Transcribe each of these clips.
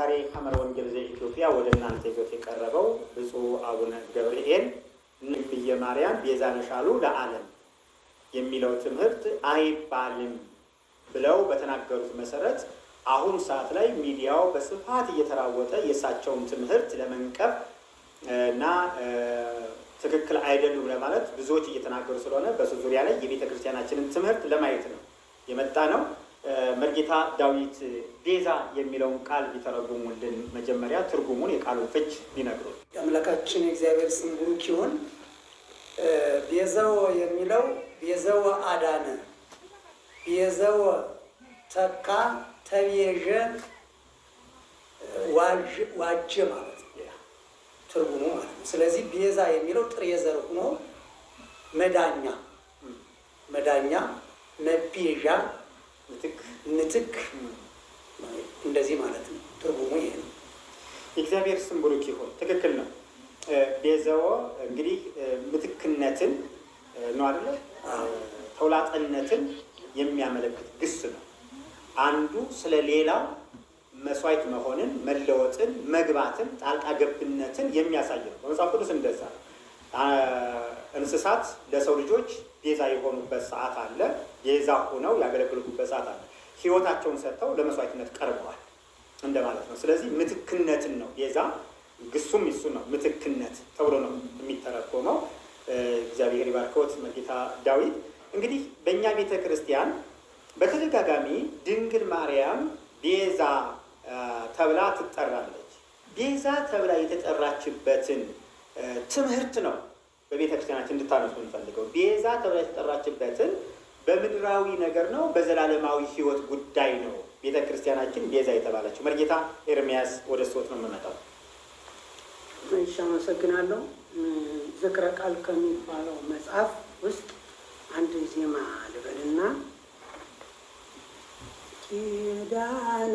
ዛሬ ሐመረ ወንጌል ዘኢትዮጵያ ወደ እናንተ ይዞት የቀረበው ብፁዕ አቡነ ገብርኤል ንብየ ማርያም ቤዛ መሻሉ ለዓለም የሚለው ትምህርት አይባልም ብለው በተናገሩት መሰረት አሁን ሰዓት ላይ ሚዲያው በስፋት እየተራወጠ የእሳቸውን ትምህርት ለመንቀፍ እና ትክክል አይደሉም ለማለት ብዙዎች እየተናገሩ ስለሆነ በሱ ዙሪያ ላይ የቤተ ክርስቲያናችንን ትምህርት ለማየት ነው የመጣ ነው። መርጌታ ዳዊት ቤዛ የሚለውን ቃል ቢተረጉሙልን፣ መጀመሪያ ትርጉሙን የቃሉን ፍች ቢነግሩን። አምላካችን የእግዚአብሔር ስም ቡሩክ ይሁን። ቤዘወ የሚለው ቤዘወ አዳነ፣ ቤዘወ ተካ፣ ተቤዠ ዋጀ ማለት ትርጉሙ ማለት ነው። ስለዚህ ቤዛ የሚለው ጥሬ ዘር ሆኖ መዳኛ መዳኛ መቤዣ ንትክ እንደዚህ ማለት ነው። ትርጉሙ ይሄ ነው። የእግዚአብሔር ስም ብሩክ ይሁን። ትክክል ነው። ቤዘወ እንግዲህ ምትክነትን ነው አደለ? ተውላጠነትን የሚያመለክት ግስ ነው። አንዱ ስለ ሌላው መስዋዕት መሆንን፣ መለወጥን፣ መግባትን፣ ጣልቃ ገብነትን የሚያሳይ ነው። በመጽሐፍ ቅዱስ እንደዛ እንስሳት ለሰው ልጆች ቤዛ የሆኑበት ሰዓት አለ። ቤዛ ሆነው ያገለግሉበት ሰዓት አለ። ህይወታቸውን ሰጥተው ለመስዋዕትነት ቀርበዋል እንደማለት ነው። ስለዚህ ምትክነትን ነው ቤዛ ግሱም ይሱ ነው። ምትክነት ተብሎ ነው የሚተረጎመው። እግዚአብሔር ይባርከዎት መጌታ ዳዊት። እንግዲህ በእኛ ቤተ ክርስቲያን በተደጋጋሚ ድንግል ማርያም ቤዛ ተብላ ትጠራለች። ቤዛ ተብላ የተጠራችበትን ትምህርት ነው በቤተ ክርስቲያናችን እንድታነሱ እንፈልገው። ቤዛ ተብላ የተጠራችበትን በምድራዊ ነገር ነው፣ በዘላለማዊ ህይወት ጉዳይ ነው። ቤተ ክርስቲያናችን ቤዛ የተባለችው መርጌታ ኤርሚያስ ወደ ሶት ነው የምመጣው። እሺ፣ አመሰግናለሁ። ዝክረ ቃል ከሚባለው መጽሐፍ ውስጥ አንድ ዜማ ልበልና ኪዳን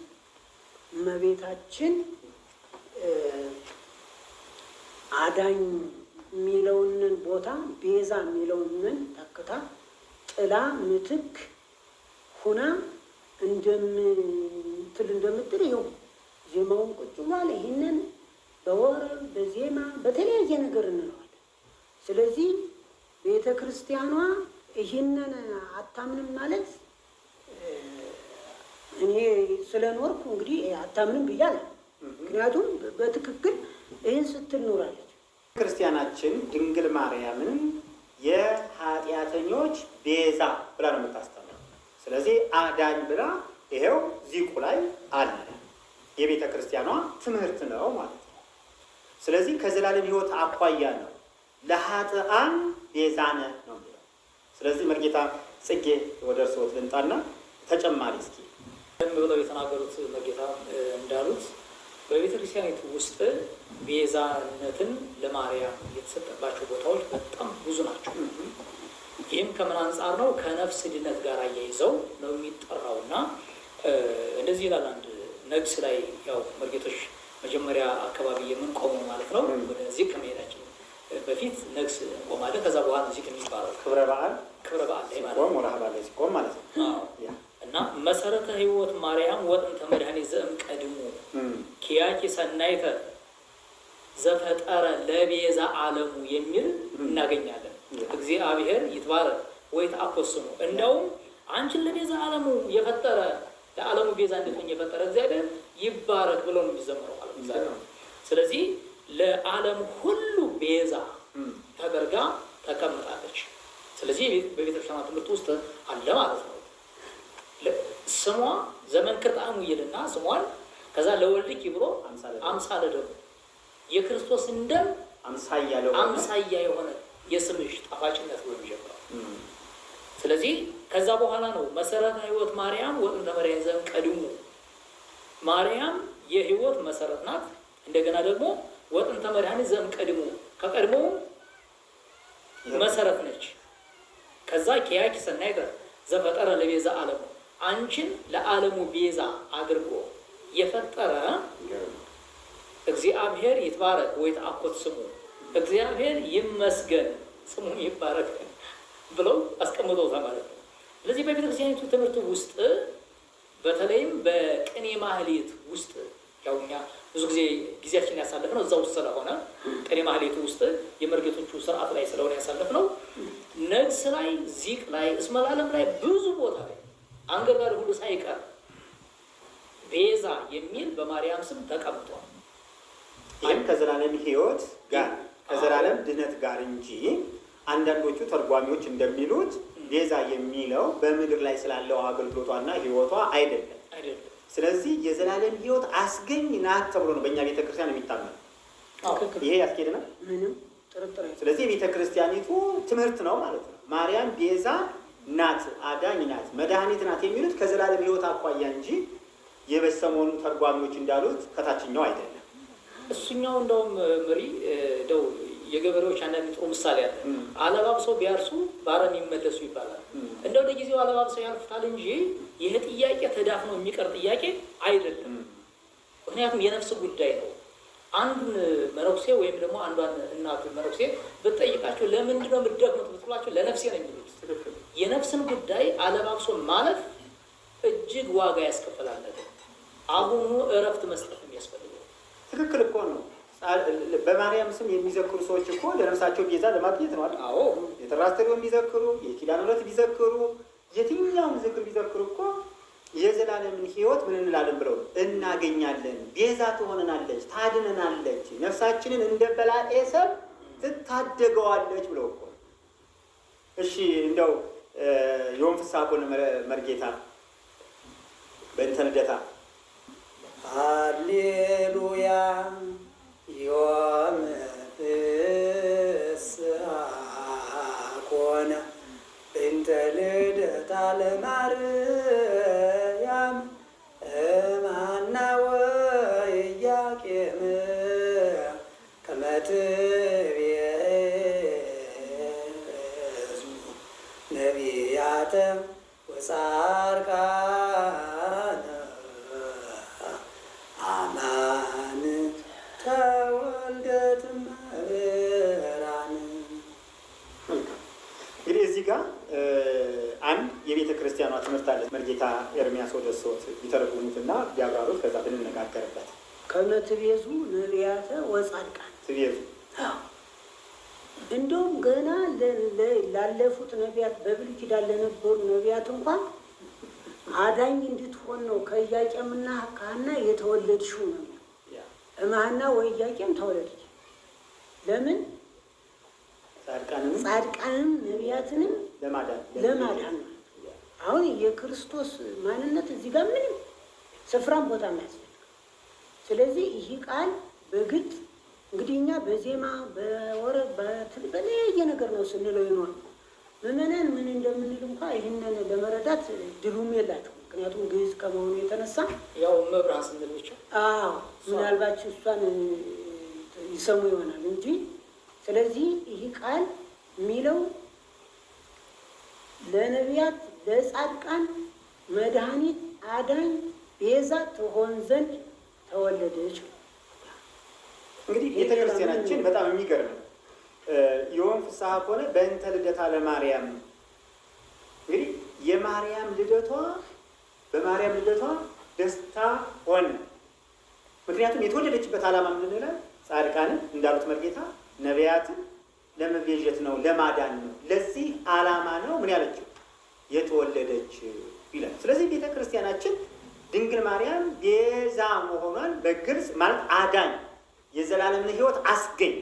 ጥላ ምትክ ሁና እንደምትል እንደምትል ይኸው ዜማውን ቁጭ ብሏል። ይህንን በወር በዜማ በተለያየ ነገር እንለዋለን። ስለዚህ ቤተ ክርስቲያኗ ይህንን አታምንም ማለት እኔ ስለኖርኩ እንግዲህ አታምንም ብያለሁ። ምክንያቱም በትክክል ይህን ስትል ኖራለች ክርስቲያናችን ድንግል ማርያምን የኃጢአተኞች ቤዛ ብላ ነው የምታስተምረው። ስለዚህ አዳኝ ብላ ይሄው ዚቁ ላይ አለ። የቤተ ክርስቲያኗ ትምህርት ነው ማለት ነው። ስለዚህ ከዘላለም ሕይወት አኳያ ነው ለኃጥአን ቤዛነ ነው የሚለው። ስለዚህ መርጌታ ጽጌ ወደ እርስዎት ልምጣና ተጨማሪ እስኪ ብለው የተናገሩት መርጌታ እንዳሉት በቤተ ክርስቲያኒቱ ውስጥ ቤዛነትን ለማርያም የተሰጠባቸው ቦታዎች በጣም ብዙ ናቸው። ይህም ከምን አንጻር ነው? ከነፍስ ድነት ጋር አያይዘው ነው የሚጠራው እና እንደዚህ ይላል። አንድ ነግስ ላይ ያው መርጌቶች መጀመሪያ አካባቢ የምንቆመው ማለት ነው። ወደዚህ ከመሄዳችን በፊት ነግስ እንቆማለን። ከዛ በኋላ እዚህ የሚባለው ክብረ በዓል ክብረ በዓል ላይ ማለት ነው ሲቆም ማለት ነው እና መሰረተ ህይወት ማርያም ወጥንተ መድኃኒ ዘእም ቀድሞ ኪያኪ ሰናይተ ዘፈጠረ ለቤዛ ዓለሙ የሚል እናገኛለን። እግዚአብሔር ይትባረ ወይ ተአኮስሙ። እንደውም አንቺን ለቤዛ ዓለሙ የፈጠረ ለዓለሙ ቤዛ እንድትሆኝ የፈጠረ እግዚአብሔር ይባረክ ብሎ ነው የሚዘምረው ዓለም። ስለዚህ ለዓለም ሁሉ ቤዛ ተደርጋ ተቀምጣለች። ስለዚህ በቤተክርስቲያን ትምህርት ውስጥ አለ ማለት ነው። ስሟ ዘመን ክርጣሙ ይልና ስሟን ከዛ ለወልድ ኪብሮ አምሳለ ደሙ የክርስቶስን ደም አምሳያ የሆነ የስምሽ ጣፋጭነት ብሎ የሚጀምረው። ስለዚህ ከዛ በኋላ ነው መሰረተ ህይወት ማርያም ወጥንተ መርያን ዘን ቀድሙ። ማርያም የህይወት መሰረት ናት። እንደገና ደግሞ ወጥንተ መድኃኒ ዘን ቀድሙ ከቀድሞ መሰረት ነች። ከዛ ኪያኪ ሰናይ ዘፈጠረ ለቤዛ ዓለሙ አንቺን ለዓለሙ ቤዛ አድርጎ የፈጠረ እግዚአብሔር ይትባረክ ተአኮት ስሙ እግዚአብሔር ይመስገን ስሙ ይባረክ ብለው አስቀምጠውታል ማለት ነው። ስለዚህ በቤተ ክርስቲያኒቱ ትምህርት ውስጥ በተለይም በቅኔ ማህሌት ውስጥ ያው እኛ ብዙ ጊዜ ጊዜያችን ያሳለፍ ነው እዛ ውስጥ ስለሆነ ቅኔ ማህሌቱ ውስጥ የመርጌቶቹ ስርዓት ላይ ስለሆነ ያሳለፍ ነው። ነግስ ላይ፣ ዚቅ ላይ፣ እስመላለም ላይ ብዙ ቦታ ላይ ጋር ሁሉ ሳይቀር ቤዛ የሚል በማርያም ስም ተቀምጧል። ይህም ከዘላለም ህይወት ጋር ከዘላለም ድነት ጋር እንጂ አንዳንዶቹ ተርጓሚዎች እንደሚሉት ቤዛ የሚለው በምድር ላይ ስላለው አገልግሎቷና ህይወቷ አይደለም። ስለዚህ የዘላለም ህይወት አስገኝ ናት ተብሎ ነው በእኛ ቤተክርስቲያን ክርስቲያን የሚታመነው። ይሄ ያስኬድናል። ስለዚህ የቤተ ትምህርት ነው ማለት ነው። ማርያም ቤዛ ናት፣ አዳኝ ናት፣ መድኃኒት ናት የሚሉት ከዘላለም ህይወት አኳያ እንጂ የበሰሞኑ ተርጓሚዎች እንዳሉት ከታችኛው አይደለም። እሱኛው እንደውም ምሪ ደው የገበሬዎች አንዳንድ ጥሩ ምሳሌ አለ። አለባብሰው ቢያርሱ ባረም ይመለሱ ይባላል። እንደው ለጊዜው አለባብሰው ያልፍታል እንጂ ይህ ጥያቄ ተዳፍኖ የሚቀር ጥያቄ አይደለም። ምክንያቱም የነፍስ ጉዳይ ነው። አንዱን መነኩሴ ወይም ደግሞ አንዷን እናት መነኩሴ ብትጠይቃቸው ለምንድን ነው የምትደግሙት ብትሏቸው ለነፍሴ ነው የሚሉት። የነፍስን ጉዳይ አለባብሶ ማለፍ እጅግ ዋጋ ያስከፍላል። አሁኑ እረፍት መስጠት የሚያስፈልገው ትክክል እኮ ነው። በማርያም ስም የሚዘክሩ ሰዎች እኮ ለነፍሳቸው ቤዛ ለማግኘት ነው አዎ የተራስተሪውን ቢዘክሩ የኪዳን ምሕረት ቢዘክሩ የትኛውም ዝክር ቢዘክሩ እኮ የዘላለምን ሕይወት ምን እንላለን ብለው እናገኛለን። ቤዛ ትሆነናለች፣ ታድነናለች፣ ነፍሳችንን እንደ በላዔ ሰብ ትታደገዋለች ብለው እኮ እሺ እንደው የወንፍሳኮን መርጌታ በእንተ ልደታ ሃሌሉያ ዮም ትምህርታለች መርጌታ ኤርሚያስ ወደ ሶት ወደሶት እና ቢያብራሩት ከዛ ብንነጋገርበት ከመ ትቤዙ ነቢያተ ወጻድቃን ትቤዙ እንደውም ገና ላለፉት ነቢያት በብሉይ ኪዳን ለነበሩ ነቢያት እንኳን አዳኝ እንድትሆን ነው ከኢያቄምና ከሐና የተወለድሽው ነው እማህና ወኢያቄም ተወለድች። ለምን ጻድቃንም ነቢያትንም ለማዳን ነው አሁን የክርስቶስ ማንነት እዚህ ጋር ምንም ስፍራም ቦታ አያስፈልግም። ስለዚህ ይህ ቃል በግድ እንግዲህ እኛ በዜማ በወረብ በተለያየ ነገር ነው ስንለው ይኖር ምዕመናን ምን እንደምንል እንኳ ይህንን ለመረዳት ድሉም የላቸው። ምክንያቱም ግዕዝ ከመሆኑ የተነሳ ያው መብራት ስንልቸው ምናልባት እሷን ይሰሙ ይሆናል እንጂ ስለዚህ ይህ ቃል የሚለው ለነቢያት ለጻድቃን መድኃኒት አዳኝ ቤዛ ትሆን ዘንድ ተወለደች። እንግዲህ ቤተክርስቲያናችን በጣም የሚገርም የሆን ፍስሐ ከሆነ በእንተ ልደታ ለማርያም እንግዲህ የማርያም ልደቷ በማርያም ልደቷ ደስታ ሆነ። ምክንያቱም የተወለደችበት ዓላማ ምን ይላል? ጻድቃንን እንዳሉት መርጌታ ነቢያትን ለመቤዠት ነው፣ ለማዳን ነው። ለዚህ ዓላማ ነው ምን ያለችው የተወለደች ይላል። ስለዚህ ቤተ ክርስቲያናችን ድንግል ማርያም ቤዛ መሆኗን በግልጽ ማለት አዳኝ፣ የዘላለምን ሕይወት አስገኝ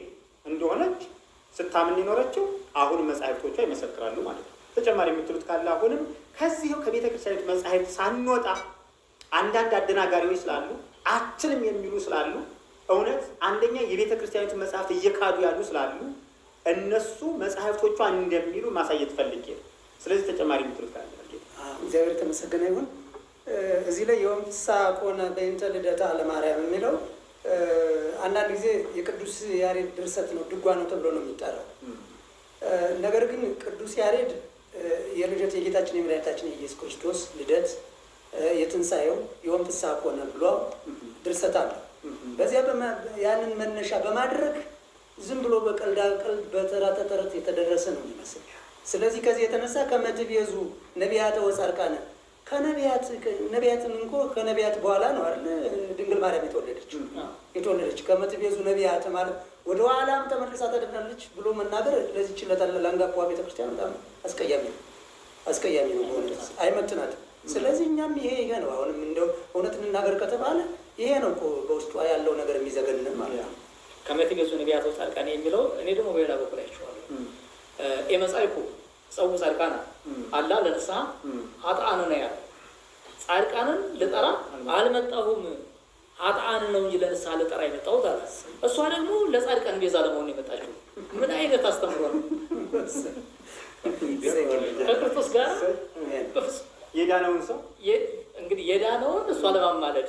እንደሆነች ስታምን ይኖረችው አሁን መጻሕፍቶቿ ይመሰክራሉ ማለት ነው። ተጨማሪ የምትሉት ካለ አሁንም ከዚህ ከቤተ ክርስቲያኖች መጽሐፍት ሳንወጣ አንዳንድ አደናጋሪዎች ስላሉ አችልም የሚሉ ስላሉ እውነት አንደኛ የቤተ ክርስቲያኖች መጽሐፍት እየካዱ ያሉ ስላሉ እነሱ መጽሐፍቶቿ እንደሚሉ ማሳየት ፈልጌ ነው። ስለዚህ ተጨማሪ ምትሉት ካለ እግዚአብሔር የተመሰገነ ይሁን። እዚህ ላይ የወንፍሳ ቆነ በይንተ ልደታ ለማርያም የሚለው አንዳንድ ጊዜ የቅዱስ ያሬድ ድርሰት ነው፣ ድጓ ነው ተብሎ ነው የሚጠራው። ነገር ግን ቅዱስ ያሬድ የልደት የጌታችን የመድኃኒታችን የኢየሱስ ክርስቶስ ልደት የትንሣኤው የወም ቆነ ብሏ ብሎ ድርሰት አለ። በዚያ ያንን መነሻ በማድረግ ዝም ብሎ በቀልዳ ቀልድ በተራ ተረት የተደረሰ ነው የሚመስል። ስለዚህ ከዚህ የተነሳ ከመትብ የዙ ነቢያተ ወጻድቃነ ከነቢያት ነቢያትን እንኮ ከነቢያት በኋላ ነው አለ ድንግል ማርያም የተወለደች የተወለደች ከመትብ የዙ ነቢያት ማለት ወደ ኋላም ተመልሳ ተደናለች ብሎ መናገር ችለታለ ለአንጋፋ ቤተክርስቲያን በጣም አስቀያሚ ነው አስቀያሚ ነው በሆነ አይመጥናትም። ስለዚህ እኛም ይሄ ይሄ ነው አሁንም እንደው እውነት እንናገር ከተባለ ይሄ ነው በውስጧ ያለው ነገር የሚዘገንን ማለት ነው። ከመት ገጹ ነቢያት ጻድቃን የሚለው እኔ ደግሞ በሌላ በኩል አይቼዋለሁ። ኤመጻይኩ ጸው ጻድቃን አላ ለንስሐ አጥአን ነው ያለ ጻድቃንን ልጠራ አልመጣሁም አጥአን ነው እንጂ ለንስሐ ልጠራ የመጣሁት አለ። እሷ ደግሞ ለጻድቃን ቤዛ ለመሆን የመጣችው ምን አይነት አስተምሮ ነው? ከክርስቶስ ጋር የዳነውን ሰው እንግዲህ የዳነውን እሷ ለማማለድ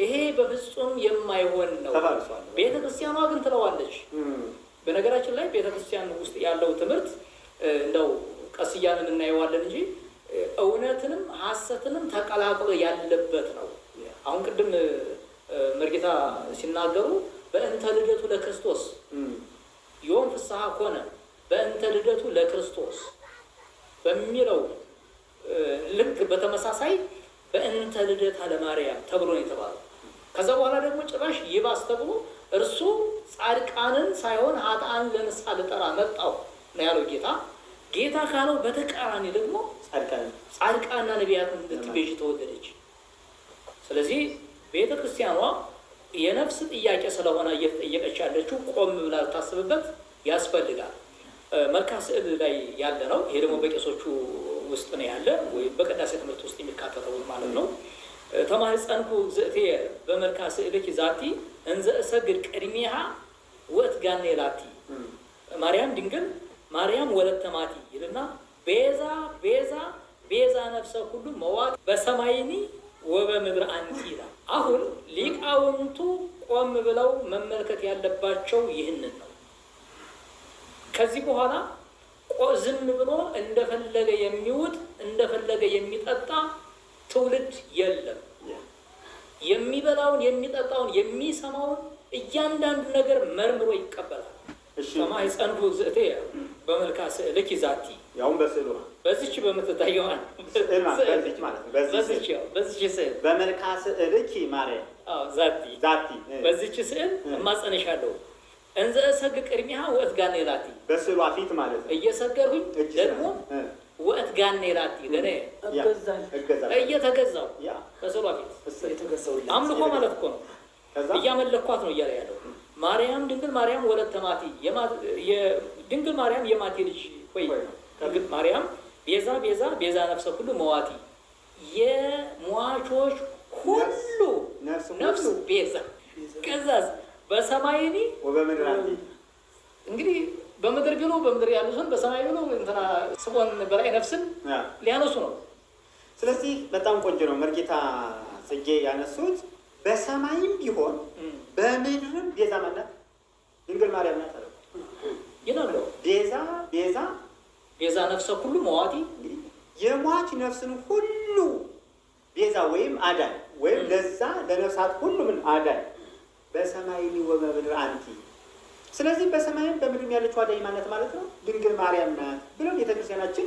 ይሄ በፍጹም የማይሆን ነው። ቤተ ክርስቲያኗ ግን ትለዋለች። በነገራችን ላይ ቤተ ክርስቲያን ውስጥ ያለው ትምህርት እንደው ቀስያንን እናየዋለን እንጂ እውነትንም ሐሰትንም ተቀላቅሎ ያለበት ነው። አሁን ቅድም መርጌታ ሲናገሩ በእንተ ልደቱ ለክርስቶስ ዮም ፍስሐ ኮነ በእንተ ልደቱ ለክርስቶስ በሚለው ልክ በተመሳሳይ በእንተ ልደታ ለማርያም ተብሎ ነው የተባለው። ከዛ በኋላ ደግሞ ጭራሽ ይባስ ተብሎ እርሱ ጻድቃንን ሳይሆን ኃጥአን ለንስሐ ልጠራ መጣው ነው ያለው ጌታ። ጌታ ካለው በተቃራኒ ደግሞ ጻድቃንና ነቢያትን ልትቤዥ ተወደደች። ስለዚህ ቤተ ክርስቲያኗ የነፍስ ጥያቄ ስለሆነ እየተጠየቀች ያለችው ቆም ብላ ልታስብበት ያስፈልጋል። መልካ ስዕል ላይ ያለ ነው ይሄ ደግሞ በቄሶቹ ውስጥ ነው ያለ ወይም በቅዳሴ ትምህርት ውስጥ የሚካተተውን ማለት ነው። ተማህፀንኩ ዘእቴ በመልካ ስዕልኪ ዛቲ እንዘ እሰግድ ወት ጋኔ ላቲ ማርያም ድንግል ማርያም ወለተ ማቲ ይልና ቤዛ ቤዛ ቤዛ ነፍሰ ሁሉ መዋቅ በሰማይኒ ወበምድር አንቲ ይላል። አሁን ሊቃውንቱ ቆም ብለው መመልከት ያለባቸው ይህንን ነው። ከዚህ በኋላ ዝም ብሎ እንደፈለገ የሚውጥ እንደፈለገ የሚጠጣ ትውልድ የለም። የሚበላውን፣ የሚጠጣውን፣ የሚሰማውን እያንዳንዱ ነገር መርምሮ ይቀበላል። ሰማይ ጸንዱ ዝእቴ በመልካ ስዕልኪ ዛቲ ያውም በስዕሉ በዚች በምትታየዋ በዚች ስዕል በመልካ ስዕልኪ ማርያም ዛቲ ዛቲ በዚች ስዕል እማጸንሻለሁ እንዘ እሰግድ ቅድሚያ ወእትጋነ ይላቲ በስሏ ፊት ማለት ነው። እየሰገርኩኝ ደግሞ ወእትጋነ ይላቲ ለኔ እየተገዛው በስሏ ፊት አምልኮ ማለት እኮ ነው። እያመለኳት ነው እያለ ያለው ማርያም ድንግል ማርያም ወለተ ማቲ ድንግል ማርያም የማቲ ልጅ ወይ ማርያም ቤዛ ቤዛ ቤዛ ነፍሰ ሁሉ መዋቲ የሟቾች ሁሉ ነፍሱ ቤዛ ከዛዝ በሰማይኒ ወበምድር እንግዲህ በምድር ቢሉ በምድር ያሉትን በሰማይ ቢሉ እንትና ስቆን በላይ ነፍስን ሊያነሱ ነው። ስለዚህ በጣም ቆንጆ ነው መርጌታ ጽጌ ያነሱት። በሰማይም ቢሆን በምድርም ቤዛ ማናት? ድንግል ማርያም ናት አለ ቤዛ ቤዛ ቤዛ ነፍሰ ሁሉ መዋቲ የሟች ነፍስን ሁሉ ቤዛ ወይም አዳን ወይም ለዛ ለነፍሳት ሁሉ ምን በሰማይኒ ወበምድር አንቲ ስለዚህ በሰማይም በምድርም ያለች ዋዳኝ ማለት ማለት ነው ድንግል ማርያም ናት ብለው ቤተክርስቲያናችን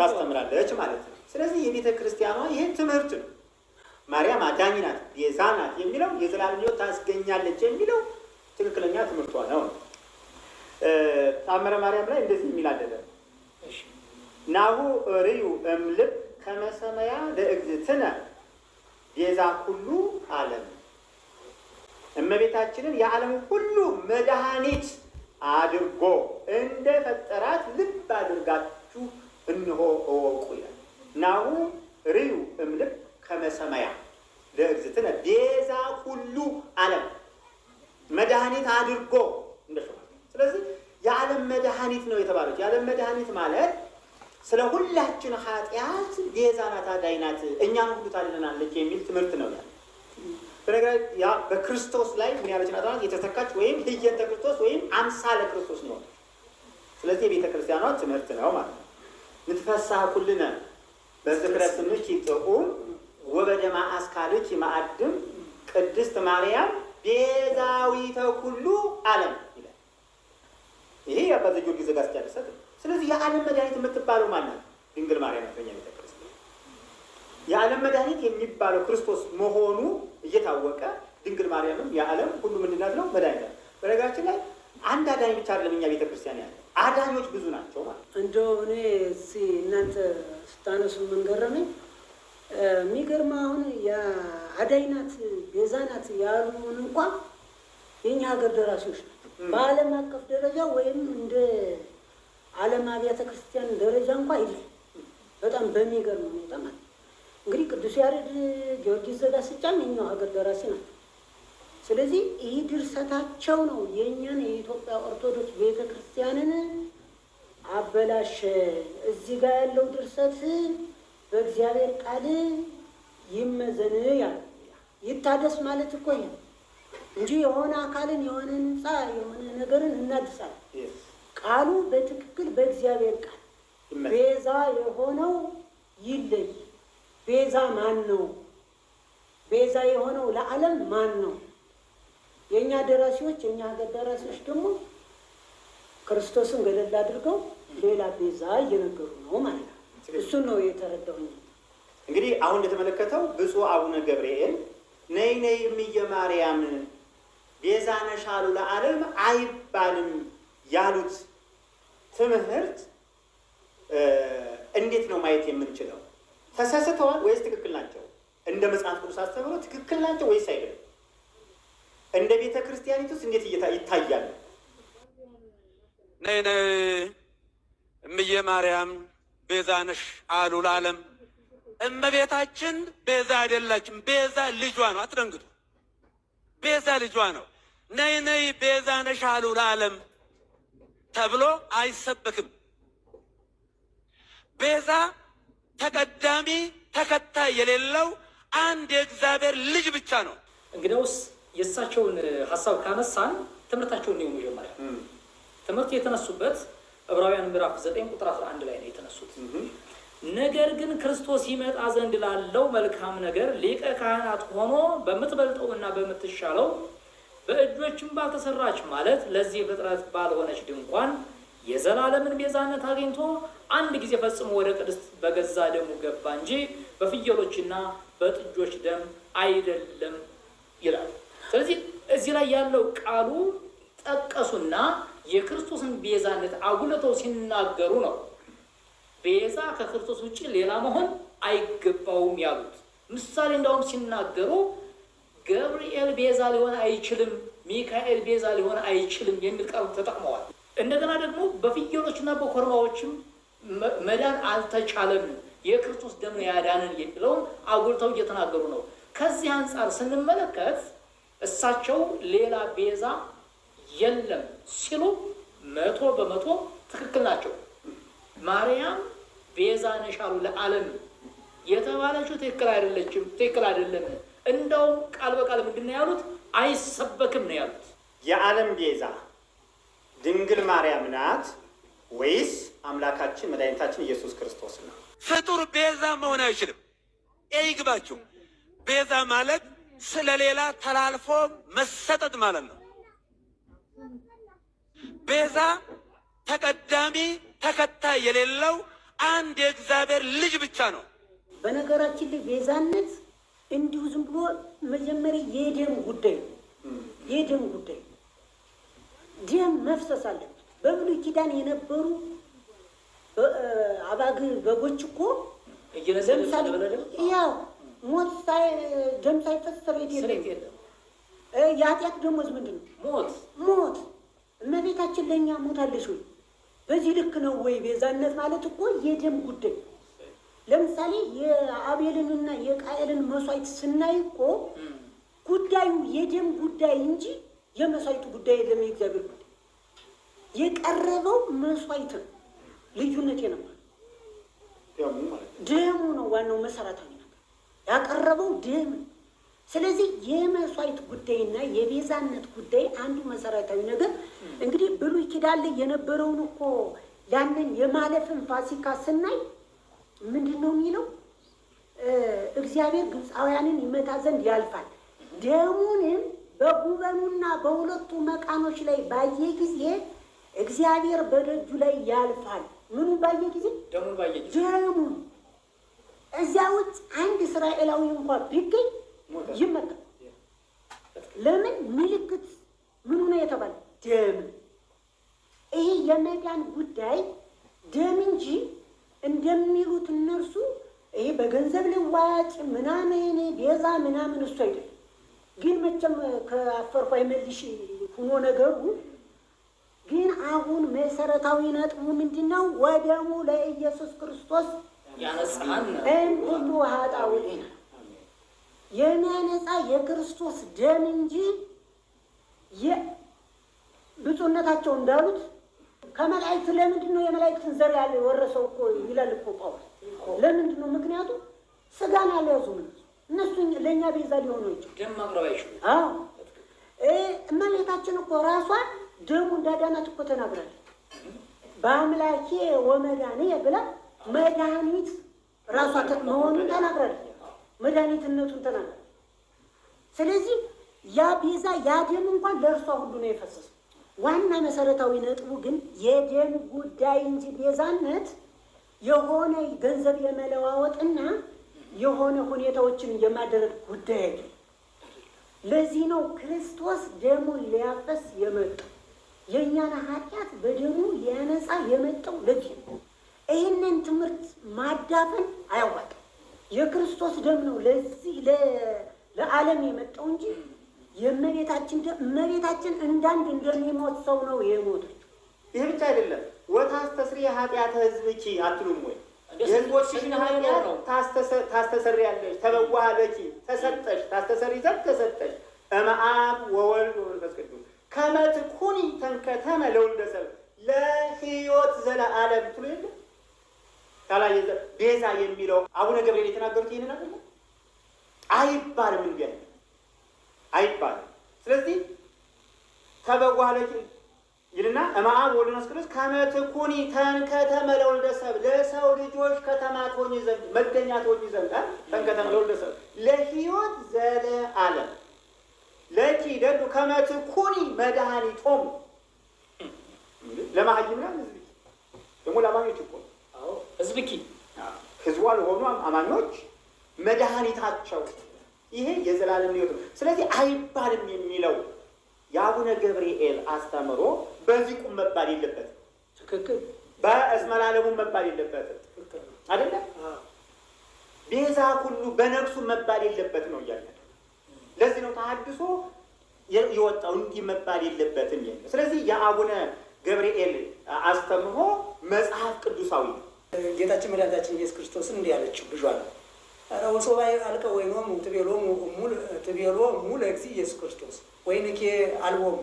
ታስተምራለች ማለት ነው። ስለዚህ የቤተ ክርስቲያኗ ይህን ትምህርት ነው ማርያም አዳኝ ናት፣ ቤዛ ናት የሚለው የዘላለም ሕይወት ታስገኛለች የሚለው ትክክለኛ ትምህርቷ ነው። ተአምረ ማርያም ላይ እንደዚህ የሚል አደለ ናሁ ርዩ እምልብ ከመሰመያ ለእግዝእትነ ቤዛ ሁሉ ዓለም እመቤታችንን የዓለም ሁሉ መድኃኒት አድርጎ እንደ ፈጠራት ልብ አድርጋችሁ እንሆ እወቁ ይላል። ናሁ ርዩ እምልክ ከመሰማያ ለእግዝእትነ ቤዛ ሁሉ ዓለም መድኃኒት አድርጎ እንደ ስለዚህ የዓለም መድኃኒት ነው የተባሉት። የዓለም መድኃኒት ማለት ስለ ሁላችን ኃጢአት ቤዛ ናት፣ አዳኝ ናት፣ እኛን ሁሉ ታድነናለች የሚል ትምህርት ነው ያለ በክርስቶስ ላይ ምን ያለች ናት? የተተካች ወይም ህየተ ክርስቶስ ወይም አምሳለ ክርስቶስ ነው። ስለዚህ የቤተ ክርስቲያኗ ትምህርት ነው ማለት ነው። ንትፈሳ ኩልነ በዝክረ ስምች ጥዑም ወበደማ አስካልች ማዕድም ቅድስት ማርያም ቤዛዊተ ኩሉ ዓለም ይላል። ይሄ ያባዘጆ ጊዜ ጋር ድርሰት። ስለዚህ የዓለም መድኃኒት የምትባለው ማናት? ድንግል ማርያም ናት። የዓለም መድኃኒት የሚባለው ክርስቶስ መሆኑ እየታወቀ ድንግል ማርያምም የዓለም ሁሉ ምንድነት ነው መድኃኒት። በነገራችን ላይ አንድ አዳኝ ብቻ አይደለም እኛ ቤተክርስቲያን ያለ አዳኞች ብዙ ናቸው ማለት እንደው እኔ እ እናንተ ስታነሱ መንገረመኝ የሚገርማ አሁን የአዳኝ ናት ቤዛ ናት ያሉን እንኳ የኛ ሀገር ደራሲዎች በዓለም አቀፍ ደረጃ ወይም እንደ ዓለም አብያተ ክርስቲያን ደረጃ እንኳ ይ በጣም በሚገርም ሁኔታ ማለት እንግዲህ ቅዱስ ያሬድ ጊዮርጊስ ዘጋስጫም የኛው ሀገር ደራሲ ነው። ስለዚህ ይህ ድርሰታቸው ነው የእኛን የኢትዮጵያ ኦርቶዶክስ ቤተ ክርስቲያንን አበላሸ። እዚህ ጋር ያለው ድርሰት በእግዚአብሔር ቃል ይመዘን ያ ይታደስ ማለት እኮ ይሄ እንጂ የሆነ አካልን የሆነ ህንፃ የሆነ ነገርን እናድሳለን። ቃሉ በትክክል በእግዚአብሔር ቃል ቤዛ የሆነው ይለይ ቤዛ ማን ነው? ቤዛ የሆነው ለዓለም ማን ነው? የእኛ ደራሲዎች የእኛ ሀገር ደራሲዎች ደግሞ ክርስቶስን ገለል አድርገው ሌላ ቤዛ እየነገሩ ነው ማለት ነው። እሱን ነው የተረዳው። እንግዲህ አሁን እንደተመለከተው ብፁዕ አቡነ ገብርኤል ነይ ነይ እምየ ማርያም ቤዛ ነሻሉ ለዓለም አይባልም ያሉት ትምህርት እንዴት ነው ማየት የምንችለው? ተሰስተዋል ወይስ ትክክል ናቸው? እንደ መጽሐፍ ቅዱስ አስተምሮ ትክክል ናቸው ወይስ አይደለም? እንደ ቤተ ክርስቲያኒቱ ውስጥ እንዴት ይታያል? ነይ ነይ እምዬ ማርያም ቤዛ ነሽ አሉ ለዓለም። እመቤታችን ቤዛ አይደላችም። ቤዛ ልጇ ነው። አትደንግጡ። ቤዛ ልጇ ነው። ነይ ነይ ቤዛ ነሽ አሉ ለዓለም ተብሎ አይሰበክም ቤዛ ተቀዳሚ ተከታይ የሌለው አንድ የእግዚአብሔር ልጅ ብቻ ነው። እንግዲያውስ የእሳቸውን ሀሳብ ካነሳን ትምህርታቸውን ነው መጀመሪያ ትምህርት የተነሱበት ዕብራውያን ምዕራፍ 9 ቁጥር 11 ላይ ነው የተነሱት። ነገር ግን ክርስቶስ ይመጣ ዘንድ ላለው መልካም ነገር ሊቀ ካህናት ሆኖ በምትበልጠውና በምትሻለው በእጆችም ባልተሰራች ማለት ለዚህ ፍጥረት ባልሆነች ድንኳን የዘላለምን ቤዛነት አግኝቶ አንድ ጊዜ ፈጽሞ ወደ ቅድስት በገዛ ደሙ ገባ እንጂ በፍየሎችና በጥጆች ደም አይደለም ይላል። ስለዚህ እዚህ ላይ ያለው ቃሉ ጠቀሱና የክርስቶስን ቤዛነት አጉልተው ሲናገሩ ነው። ቤዛ ከክርስቶስ ውጭ ሌላ መሆን አይገባውም ያሉት። ምሳሌ እንዳውም ሲናገሩ ገብርኤል ቤዛ ሊሆን አይችልም፣ ሚካኤል ቤዛ ሊሆን አይችልም የሚል ቃሉ ተጠቅመዋል። እንደገና ደግሞ በፍየሎችና በኮርማዎችም መዳን አልተቻለም፣ የክርስቶስ ደም ያዳንን የሚለውን አጉልተው እየተናገሩ ነው። ከዚህ አንጻር ስንመለከት እሳቸው ሌላ ቤዛ የለም ሲሉ መቶ በመቶ ትክክል ናቸው። ማርያም ቤዛ ነሻሉ ለዓለም የተባለችው ትክክል አይደለችም፣ ትክክል አይደለም። እንደውም ቃል በቃል ምንድን ነው ያሉት? አይሰበክም ነው ያሉት የዓለም ቤዛ ድንግል ማርያም ናት ወይስ አምላካችን መድኃኒታችን ኢየሱስ ክርስቶስ ነው? ፍጡር ቤዛ መሆን አይችልም። ይግባችሁ። ቤዛ ማለት ስለሌላ ተላልፎ መሰጠት ማለት ነው። ቤዛ ተቀዳሚ ተከታይ የሌለው አንድ የእግዚአብሔር ልጅ ብቻ ነው። በነገራችን ላይ ቤዛነት እንዲሁ ዝም ብሎ መጀመሪያ የደም ጉዳይ የደም ጉዳይ ደም መፍሰስ አለበት። በብሉይ ኪዳን የነበሩ አባግ በጎች እኮ ያው ሞት ደም ሳይፈስ ስርየት የለም። የኃጢአት ደሞዝ ምንድን ነው? ሞት። እመቤታችን ለእኛ ሞታለች ወይ? በዚህ ልክ ነው ወይ? ቤዛነት ማለት እኮ የደም ጉዳይ ለምሳሌ የአቤልንና የቃኤልን መስዋዕት ስናይ እኮ ጉዳዩ የደም ጉዳይ እንጂ የመስዋዕቱ ጉዳይ የለም። የእግዚአብሔር ጉዳይ የቀረበው መስዋዕት ነው። ልዩነት የነበር ደሙ ነው ዋናው መሰረታዊ ነገር ያቀረበው ደም ነው። ስለዚህ የመስዋዕት ጉዳይና የቤዛነት ጉዳይ አንዱ መሰረታዊ ነገር እንግዲህ ብሉይ ኪዳን ላይ የነበረውን እኮ ያንን የማለፍን ፋሲካ ስናይ ምንድን ነው የሚለው? እግዚአብሔር ግብፃውያንን ይመታ ዘንድ ያልፋል ደሙንም በጉበኑና በሁለቱ መቃኖች ላይ ባየ ጊዜ እግዚአብሔር በደጁ ላይ ያልፋል። ምኑ ባየ ጊዜ? ደሙ። እዚያ ውጭ አንድ እስራኤላዊ እንኳ ቢገኝ ይመጣል። ለምን? ምልክት ምኑ ነው የተባለ? ደም። ይሄ የመዳን ጉዳይ ደም እንጂ እንደሚሉት እነርሱ ይሄ በገንዘብ ልዋጭ ምናምን ቤዛ ምናምን እሱ አይደለም። ግን መቼም ከአፈርኳ መልሽ ሁኖ ነገሩ ግን አሁን መሰረታዊ ነጥቡ ምንድን ነው? ወደሙ ለኢየሱስ ክርስቶስ እን ሁሉ ኃጣውኢነ የሚያነጻ የክርስቶስ ደም እንጂ ብፁዕነታቸው እንዳሉት ከመላእክት ለምንድን ነው የመላእክትን ዘር ያለ የወረሰው እኮ ይላል እኮ ጳውሎስ። ለምንድን ነው? ምክንያቱም ስጋን አልያዙም እንጂ እነሱ ለእኛ ቤዛ ሊሆኑ ደም እመቤታችን እኮ ራሷን ደሙ እንዳዳናት እኮ ተናግራለች። በአምላኬ ወመዳኔ ብላ መድኃኒት ራሷ መሆኑን ተናግራለች። መድኃኒትነቱን ተናግራለች። ስለዚህ ያ ቤዛ ያ ደም እንኳን ለእርሷ ሁሉ ነው የፈሰሰው። ዋና መሰረታዊ ነጥቡ ግን የደም ጉዳይ እንጂ ቤዛነት የሆነ ገንዘብ የመለዋወጥና የሆነ ሁኔታዎችን የማደረግ ጉዳይ አይደለም። ለዚህ ነው ክርስቶስ ደሙን ሊያፈስ የመጣው የእኛን ኃጢአት በደሙ ሊያነጻ የመጣው ለዚህ ነው። ይህንን ትምህርት ማዳፈን አያዋጣም። የክርስቶስ ደም ነው ለዚህ ለዓለም የመጣው እንጂ የእመቤታችን ደም እመቤታችን እንዳንድ እንደሚሞት ሰው ነው የሞተችው። ይህ ብቻ አይደለም። ወታስ ተስሪ ህዝብ ህዝብኪ አትሉም ወይ? የህዝቦችሽን ኃጢአት ታስተሰርያለሽ፣ ተበዋሃለኪ ተሰጠሽ፣ ታስተሰሪ ዘንድ ተሰጠሽ። በመአብ ወወልድ ወመንፈስ ቅዱስ ከመ ትኩኒ ተንከተመ ለወልደ ሰብ ለህይወት ዘለዓለም ትሉ የለ ካላየ ቤዛ የሚለው አቡነ ገብርኤል የተናገሩት ይህንን አደለ አይባልም፣ እንዲያ አይባልም። ስለዚህ ተበዋሃለኪ ይልና እማአብ ወልድ ወመንፈስ ቅዱስ ከመትኩኒ ተንከተመ ለወልደ ሰብ ለሰው ልጆች ከተማ ትሆኝ ዘንድ መገኛ ትሆኝ ዘንድ ተንከተመ ለወልደ ሰብ ለሕይወት ዘለ ዘለዓለም ለኪ ደግሞ ከመትኩኒ መድኃኒቶሙ ለማህይም ና ህዝብኪ ደግሞ ለአማኞች እኮ ህዝብኪ ህዝቧ ለሆኑ አማኞች መድኃኒታቸው ይሄ የዘላለም ሕይወት ነው። ስለዚህ አይባልም የሚለው የአቡነ ገብርኤል አስተምሮ በዚህ ቁም መባል የለበትም። ትክክል። በእስመላለሙ መባል የለበትም አይደለ? ቤዛ ሁሉ በነፍሱ መባል የለበት ነው እያለ ለዚህ ነው ተሐድሶ የወጣው እንዲህ መባል የለበትም የ ስለዚህ የአቡነ ገብርኤል አስተምሮ መጽሐፍ ቅዱሳዊ ነው። ጌታችን መድኃኒታችን ኢየሱስ ክርስቶስን እንዲህ ያለችው ብዙ አለ ረውሶ አልቀ ወይኖም ትቤሎ ሙል ትቤሎ ሙል እግዚእ ኢየሱስ ክርስቶስ ወይንኬ አልቦሙ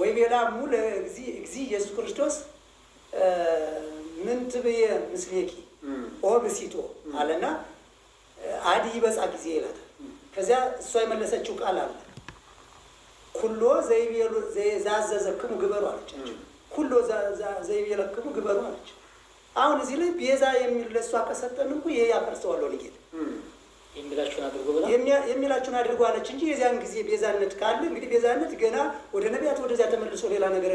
ወይቤላሙ ለእግዚ ኢየሱስ ክርስቶስ ምን ትብዬ ምስሌኪ ኦ ብሲቶ አለና አዲ በጻ ጊዜ ይላታል። ከዚያ እሷ የመለሰችው ቃል አለ ኩሎ ዘይዛዘዘክሙ ግበሩ አለቻቸው። ኩሎ ዘይቤለክሙ ግበሩ አለች። አሁን እዚህ ላይ ቤዛ የሚል ለእሷ ከሰጠን እኮ ይሄ ያፈርሰዋለሁ ልጌታ የሚላችሁን አድርጎ አለች እንጂ የዚያን ጊዜ ቤዛነት ካለ እንግዲህ ቤዛነት ገና ወደ ነቢያት ወደዚያ ተመልሶ ሌላ ነገር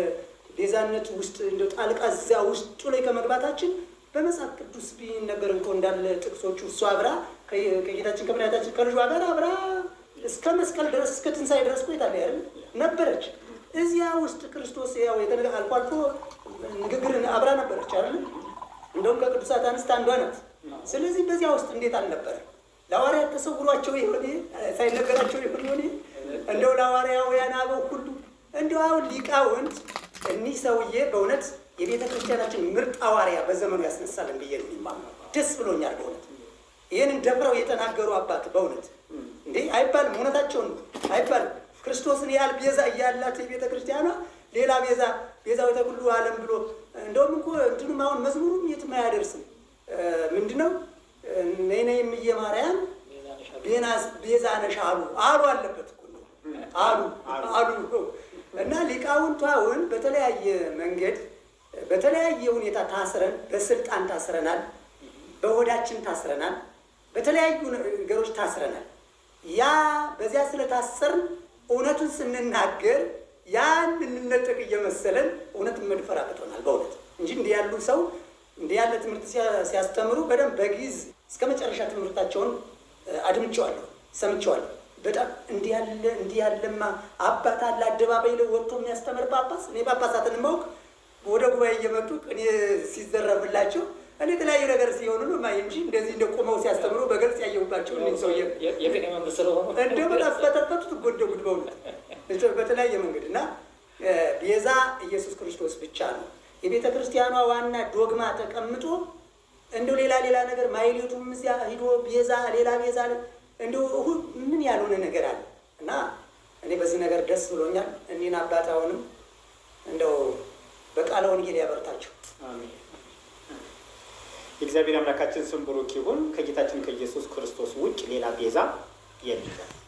ቤዛነት ውስጥ እንደ ጣልቃ እዚያ ውስጡ ላይ ከመግባታችን በመጽሐፍ ቅዱስ ቢነገር እንኮ እንዳለ ጥቅሶቹ እሱ አብራ ከጌታችን ከመድኃኒታችን ከልጇ ጋር አብራ እስከ መስቀል ድረስ እስከ ትንሣኤ ድረስ ቆይታ ያል ነበረች። እዚያ ውስጥ ክርስቶስ ያው የተነ አልፎ አልፎ ንግግርን አብራ ነበረች አለ። እንደውም ከቅዱሳት አንስት አንዷ ናት። ስለዚህ በዚያ ውስጥ እንዴት አልነበረ ለሐዋርያት ተሰውሯቸው ይሆን ሳይነገራቸው ይሆን ይሆን እንደው ለሐዋርያውያን አበው ሁሉ እንደው አሁን ሊቃውንት እኒህ ሰውዬ በእውነት የቤተ ክርስቲያናችን ምርጥ ሐዋርያ በዘመኑ ያስነሳልን ብዬ ነው የማምነው። ደስ ብሎኛል በእውነት ይህንን ደፍረው የተናገሩ አባት በእውነት እንዴ አይባልም፣ እውነታቸውን አይባልም። ክርስቶስን ያህል ቤዛ እያላት የቤተ ክርስቲያኗ ሌላ ቤዛ ቤዛዊተ ኩሉ ዓለም ብሎ እንደውም እኮ እንትኑም አሁን መዝሙሩም የትም አያደርስም ምንድነው ነይ እየማርያም እምዬ ቤዛ ነሽ አሉ አሉ አለበት አሉ አሉ እና ሊቃውንቱ አሁን በተለያየ መንገድ በተለያየ ሁኔታ ታስረን በስልጣን ታስረናል፣ በሆዳችን ታስረናል፣ በተለያዩ ነገሮች ታስረናል። ያ በዚያ ስለታሰርን እውነቱን ስንናገር ያን እንነጠቅ እየመሰለን እውነት መድፈር አቅቶናል በእውነት እንጂ እንዲህ ያሉ ሰው እንዲህ ያለ ትምህርት ሲያስተምሩ በደንብ በጊዝ እስከ መጨረሻ ትምህርታቸውን አድምጨዋለሁ፣ ሰምቸዋለሁ። በጣም እንዲህ ያለ እንዲህ ያለማ አባት አለ አደባባይ ላይ ወጥቶ የሚያስተምር ጳጳስ። እኔ ጳጳሳትን ማወቅ ወደ ጉባኤ እየመጡ እኔ ሲዘረፍላቸው እኔ የተለያዩ ነገር ሲሆኑ ነው ማይ እንጂ እንደዚህ እንደ ቆመው ሲያስተምሩ በግልጽ ያየሁባቸው እ ሰውዬ እንደ በጣም በተፈቱት ጎደጉድ በሁለት በተለያየ መንገድ እና ቤዛ ኢየሱስ ክርስቶስ ብቻ ነው። የቤተ ክርስቲያኗ ዋና ዶግማ ተቀምጦ እንደው ሌላ ሌላ ነገር ማይሌቱም እዚያ ሂዶ ቤዛ ሌላ ቤዛ እንደው ምን ያልሆነ ነገር አለ እና እኔ በዚህ ነገር ደስ ብሎኛል። እኔን አባት አሁንም እንደው በቃለ ወንጌል ያበርታቸው። የእግዚአብሔር አምላካችን ስም ብሩክ ይሁን። ከጌታችን ከኢየሱስ ክርስቶስ ውጭ ሌላ ቤዛ የለም።